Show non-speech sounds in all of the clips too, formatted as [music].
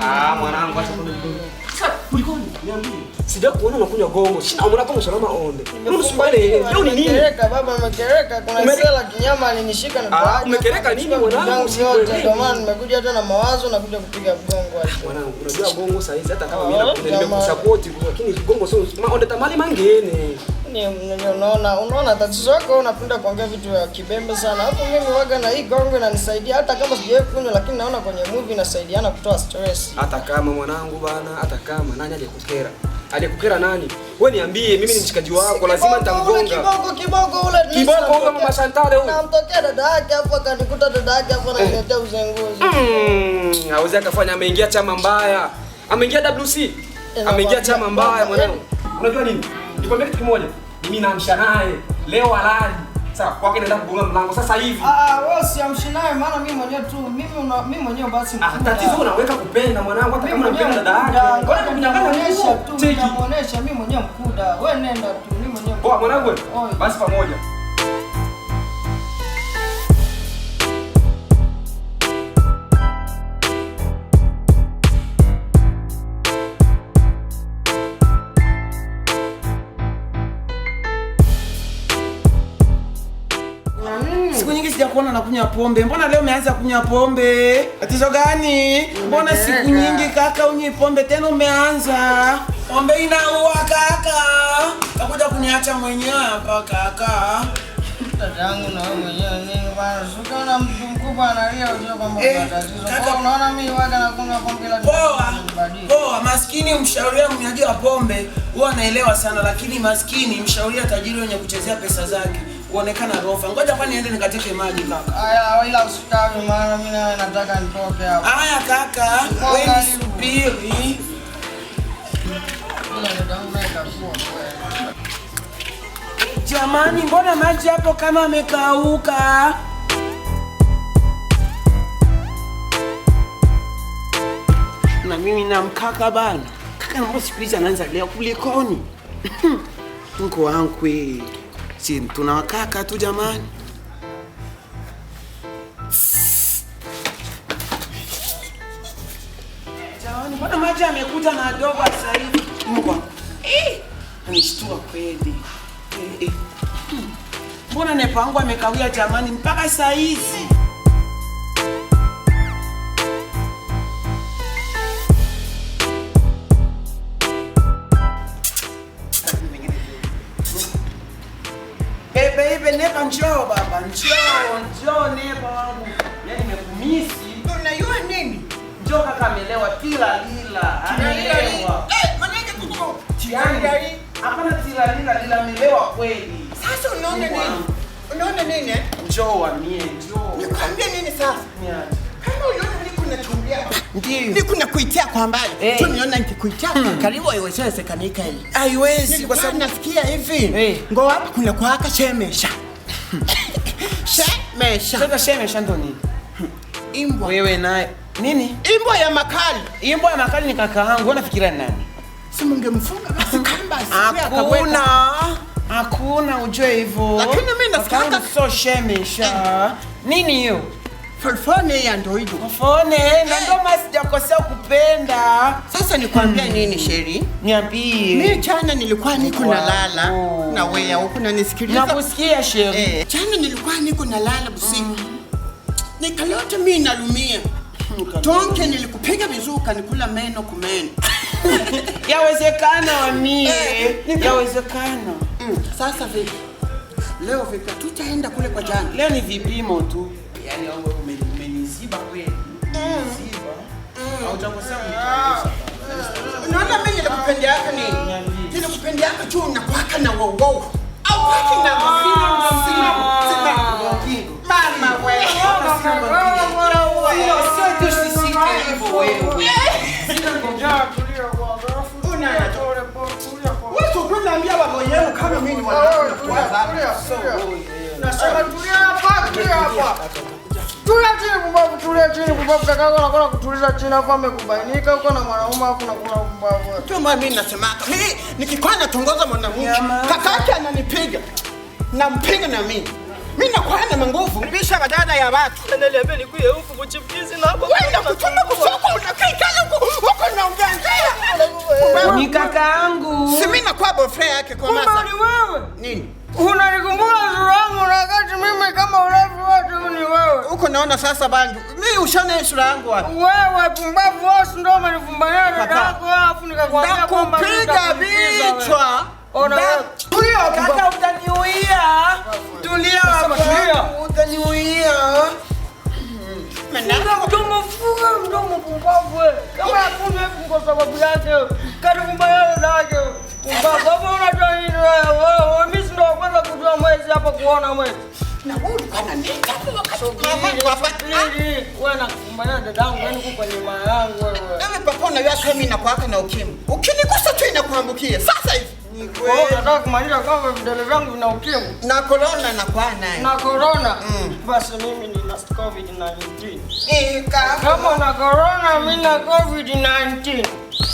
Ah, mwanangu Sija kuona unakunywa gongo. Sina umeona kama usalama onde. Hebu subiri leo ni nini? Umekereka baba, umekereka. Kuna sala kinyama alinishika na baaja. Ah, umekereka nini mwanangu? Ndio maana nimekuja hata na mawazo na kuja kupiga gongo hapa. Mwanangu, unajua gongo sasa hizi hata kama mimi ah, nakusupport lakini gongo sio onde tamali mangene ni unaona unaona tatizo yako unapenda kuongea vitu vya kibembe sana. Hapo mimi waga na hii gongo inanisaidia hata kama sijawahi kunywa, lakini naona kwenye movie inasaidiana kutoa stress. Hata kama mwanangu bana, hata kama nani alikukera. Alikukera nani? Wewe niambie, mimi ni mshikaji wako, lazima nitamgonga. Kiboko kiboko ule kiboko ule mama Shantale huyo. Namtokea dada yake hapo akanikuta dada yake hapo ananiletea eh. uzenguzi. Mm, hawezi akafanya ameingia chama mbaya. Ameingia WC. Eh, ameingia chama mbaya mwanangu. Unajua nini? Nikwambia kitu kimoja, mimi naamsha naye leo alaji. Sawa, kwake naenda kugonga mlango sasa hivi. Ah, ah wewe usiamshi naye maana mimi mwenyewe tu, mimi una, mimi mwenyewe basi. Ah, tatizo unaweka kupenda mwanangu hata kama unapenda dada yake. Ngoja kunyang'anya tu, nitamuonesha mimi mwenyewe mkuda. Wewe nenda tu, mimi mwenyewe. Poa mwanangu. Basi pamoja. siku nyingi sijakuona nakunywa pombe. Mbona leo umeanza kunywa pombe? Tatizo gani? Mbona siku nyingi kaka unywi pombe tena umeanza? Pombe inaua kaka. Takuja kuniacha mwenyewe hapa kaka. Dadangu na wewe mwenyewe nini bwana? Sio na mtu mkubwa analia unajua kwamba kuna eh, tatizo. Kaka unaona mimi waga na kunywa pombe la Poa. Poa, maskini mshauria mnyaji wa pombe huwa anaelewa sana lakini maskini mshauria tajiri wenye kuchezea pesa zake kuonekana rofa. Ngoja kwa niende nikateke maji kaka. Haya, ila usikawe maana mimi nawe nataka nitoke hapa. Haya kaka, wewe subiri. Jamani, mbona maji hapo kama amekauka? Na mimi na mkaka bana. Kaka mbona siku hizi anaanza leo kulikoni? [laughs] Mko wangu eh si tunawakaka tu jamani. mbona maji amekuja madogo sasa hivi? Mbwa. Eh, anishtua kweli. Eh, eh. Hmm. Mbona nepangu amekawia jamani mpaka saa hizi? Baba njoo, baba njoo, njoo neba wangu. Yaani nimekumisi. Unajua nini? Njoo kaka amelewa tila lila. Anaelewa. Eh, Hapana tila lila lila amelewa kweli. Sasa unaona nini? Unaona nini? Eh? Njoo amie, njoo. Nikwambie nini sasa? Kama unaona niko Ndiyo. Niko kwa mbali. Hey. Eh. Tu niona nikikuitia hmm. Karibu haiwezekani Haiwezi kwa sababu nasikia hivi. Hey. Eh. Ngo wapi kuna kuaka chemesha. Shemesha. Shemesha ndo nini? Imbwa. Wewe naye. Nini? Imbwa ya makali. Imbwa ya makali ni kaka yangu. Wewe unafikiria nani? Si mungemfunga basi kamba. Hakuna. Hakuna ujue hivyo. Lakini mimi nasikia so shemesha. Eh. Nini hiyo? Fofone ya ndo hivyo. Fofone, na ndo maana sijakosea kupenda. Sasa nikwambia hmm, nini Sheri? Niambie. Mimi jana nilikuwa niko nalala oh, na wewe huko unanisikiliza. Nakusikia Sheri. Eh, jana nilikuwa niko nalala usiku. Mm. Nikalota mimi nalumia. Tonke nilikupiga vizuri ukanikula meno kumeno. [laughs] Yawezekana wamie. Eh, yawezekana. Mm. Sasa vipi? Leo vipi? Tutaenda kule kwa jana. Leo ni vipimo tu yani umeniziba kweli, umeniziba au utakosea Unaona, mimi nilikupendea yako nini? Nilikupendea yako tu unakwaka na wow wow. Au kwaki na mafili msima. Mama wewe. Sio sio tu sisi hivyo wewe. Sina ngoja kulia kwa ghafla. Una tore kwa kulia kwa. Wewe sio kunaambia baba yenu kama mimi ni mwanangu. Nasema tulia hapa. Tulia hapa. Tulia chini kumbavu, tulia chini kumbavu, kaka yako anakuwa kutuliza chini hapo amekubainika huko na mwanaume hapo na kuna kumbavu. Ndio maana mimi nasemaka, mimi nikikuwa natongoza mwanamke, kaka yake ananipiga. Nampiga na mimi. Mimi nakuwa na nguvu. Bisha badada ya watu. Niliambia nikuye huku mchimbizi na hapo. Wewe unakutuma kusoko unakaa kale huko. Huko naongea Ni kaka yangu. Si mimi nakuwa boyfriend yake kwa masa. Ni wewe. Nini? Unanikumbuka sura yangu na wakati mimi kama urefu wote ni wewe. Huko naona sasa bangi. Mimi ushaona sura yangu wapi? Wewe pumbavu wasi ndio umenifumania dada yako afu nikakwambia kwamba nitakupiga vichwa. Ona tulia kaka utaniuia. Tulia hapo. Utaniuia. Mdomo fuga mdomo pumbavu wewe. Kama hakuna kwa sababu yake. Karibu mbaya dada yako. Pumbavu unatoa hilo wewe. Siwezi hapa kuona wewe. Na wewe ulikuwa na nini yaani hapo wakati mama kwa hapa? Wewe na kumbaya dadangu, yani uko kwenye nyuma yangu wewe. Kama yaani papa na sio mimi na nakuaka na ukimwi. Ukinigusa tu inakuambukia. Sasa hivi. Ni kweli. Wewe unataka kumaliza kama vidole vyangu vina ukimu. Na corona na kwa naye. Na corona. Mm. Basi mimi ni na covid 19. Eh, kama na corona mimi na covid 19.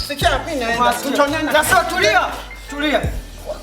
Sikia mimi na. Sasa tulia. Tulia.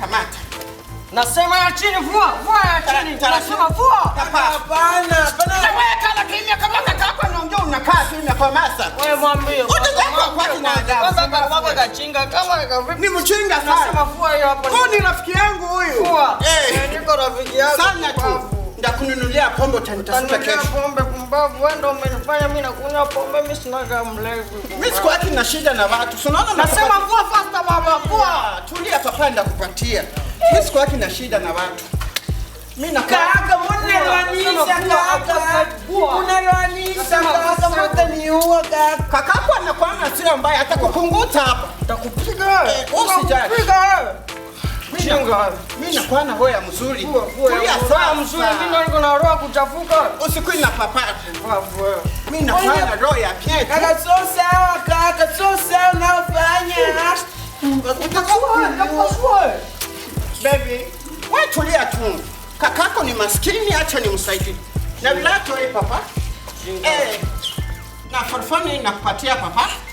Kamata. Nasema ya chini vua, vua ya chini. Nasema vua. Hapana, hapana. Wewe kana kimya kama kaka unaongea unakaa kimya kwa masa. Wewe mwambie. Utakuwa kwa kwa kina adabu. Sasa kwa wako kachinga kama Ni mchinga sana. Nasema vua hiyo hapo. Kwa ni rafiki yangu huyu. Vua. Eh, eh niko rafiki yangu. Sana tu. Ndakununulia pombe utanitafuta kesho. Pombe kumbavu, wewe ndio umenifanya mimi nakunywa pombe, mimi sina sinaga mlevi. Mimi siko haki na shida na watu. Unaona nasema kwa fasta baba, kwa. Tulia papa ndakupatia. Mimi siko haki na shida na watu. Mimi na kaaga mwana lanisha kaaga. Unalanisha kaaga mwote niua kaaga. Kakako anakuwa na sura mbaya atakupunguta hapa. Nitakupiga. Eh, usijali. Piga. Mimi mimi nakuwa na roho ya mzuri. Kulia mzuri, mimi niko na roho kuchafuka. Usiku ina Mimi nakuwa na roho ya Kaka sio sawa, kaka sio sawa unaofanya. Utakuwa utakuwa. Baby, wewe tulia tu. Kakako ni maskini, acha nimsaidie. Na papa. Eh. Na nakupatia papa.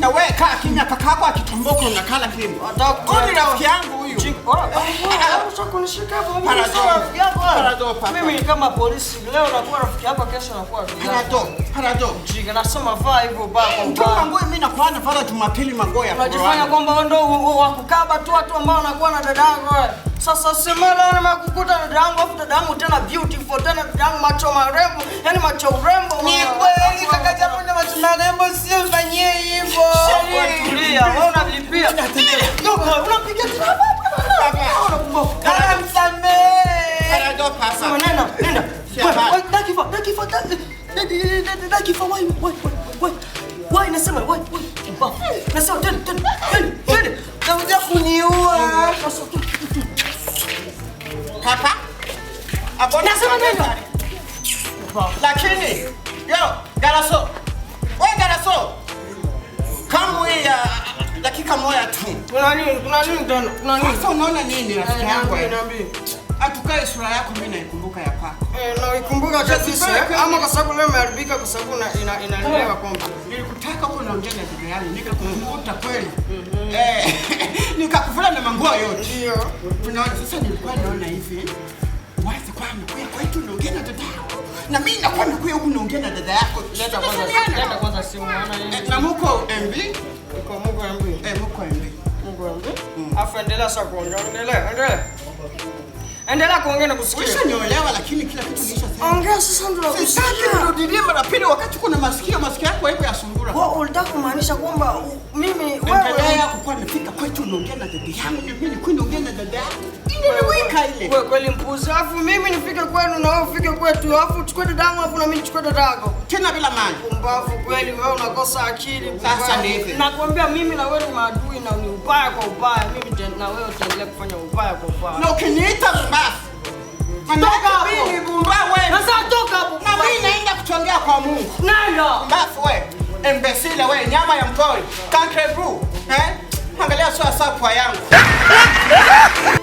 Na we kaa kimya, kakako akitomboka unakala kimya. Huyu rafiki yangu huyu. [laughs] Mimi kama polisi leo nakuwa rafiki yako, kesho nakuwa mjinga. Nasema vaa hivyo baba. Mimi nakuwa nafanya Jumapili magoya. Unajifanya kwamba ndio wakukaba tu watu ambao wanakuwa na dadangu yako. Sasa semela na dadangu, afu dadangu tena beautiful, tena dadangu macho marembo, yani macho urembo. Ni kweli kaka japo na macho marembo sio fanyie hivyo. Tulia, wewe unalipia. Unapiga traba. nasema kuniua. Hapa hapo nasema neno. Lakini yo Galaso, wewe Galaso, kama wewe ya dakika moja tu. Kuna nini? Kuna nini tena? Kuna nini? Sasa unaona nini rafiki yangu? Niambie. Atukae sura yako mimi naikumbuka ya kwako. Eh, naikumbuka eh? kabisa. Ama kwa sababu leo imeharibika kwa sababu ina inalewa kwamba eh, nilikutaka uko na ongea na bibi yangu kweli. Mhm. Eh, [laughs] nikakuvuta amepangua yote. Ndio. Sasa nilikuwa naona hivi wazi kwamba kwa kwetu unaongea na dada yako na mimi nakuwa nakuya huku naongea na dada yako. Dada kwanza, dada kwanza, si unaona hivi? Eh, na mko MB? Mko mko MB? Eh, mko MB. Mko MB. Mm. Afu endelea sasa kuongea, endelea, endelea. Endelea kuongea na kusikia. Ulishaniolewa lakini kila kitu ni sasa. Ongea sasa ndio nakusikia. Ndio kurudia mara pili wakati kuna masikio masikio yako hapo ya sungura. Wewe ulitaka kumaanisha kwamba mimi wewe endelea kukuwa nafika kwetu unaongea na dada yangu mimi nilikuwa naongea na dada yako. Ile ni wika ile. Wewe kweli mpuzi. Alafu mimi nifike kwenu na wewe ufike kwetu. Alafu chukue dadangu hapo na mimi nichukue dadako. Tena bila maana. Pumbavu kweli wewe unakosa akili. Sasa nipe. Nakwambia mimi na wewe ni maadui na ni ubaya kwa ubaya. Mimi na wewe tutaendelea kufanya ubaya kwa ubaya. Na ukiniita basi. Naenda kuchongea kwa Mungu. We imbesile, we nyama ya mpori. Country brew. Eh? Angalia sio sawa yangu.